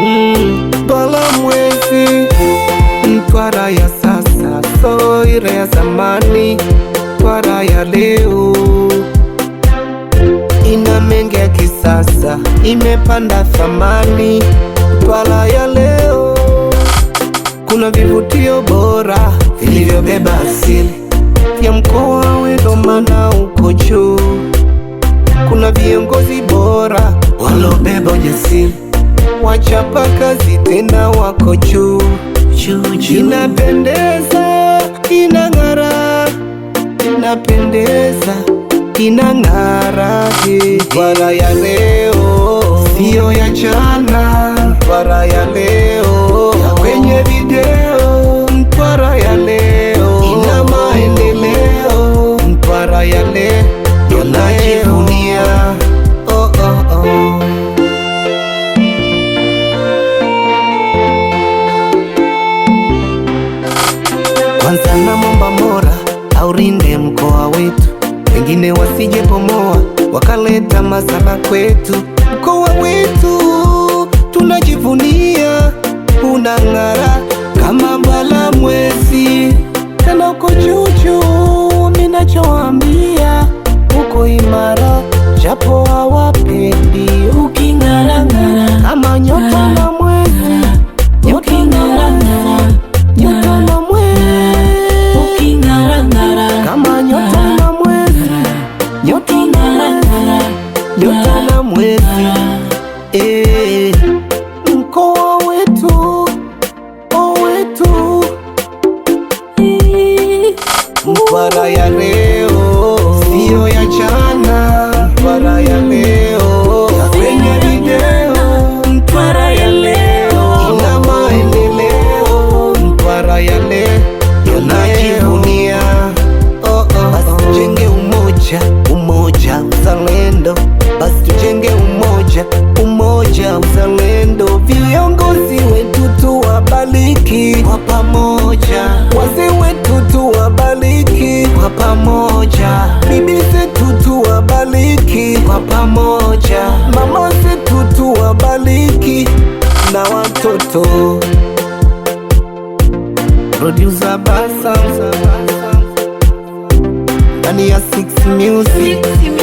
Mm-hmm. Balamwezi mtwara ya sasa so ile ya zamani twara ya leo ina mengi ya kisasa imepanda thamani twara ya leo kuna vivutio bora vilivyobeba asili ya mkoa wetu. wachapa kazi tena wako juu, inapendeza inang'ara, inapendeza inang'ara. Bara ya leo sio ya jana, bara ya leo Kwanza na momba Mola aurinde mkoa wetu, wengine wasije pomoa wakaleta masala kwetu. Mkoa wetu tunajivunia, unang'ara kama bala mwezi, tena uko juu juu, mwezi e mkoa wetu owetu wetu Mparaya umoja, umoja uzalendo, viongozi wetu tuwabariki kwa pamoja, wazee wetu tuwabariki kwa pamoja, bibi zetu tuwabariki kwa pamoja, mama zetu tuwabariki na watoto Producer Bassam, ndani ya Music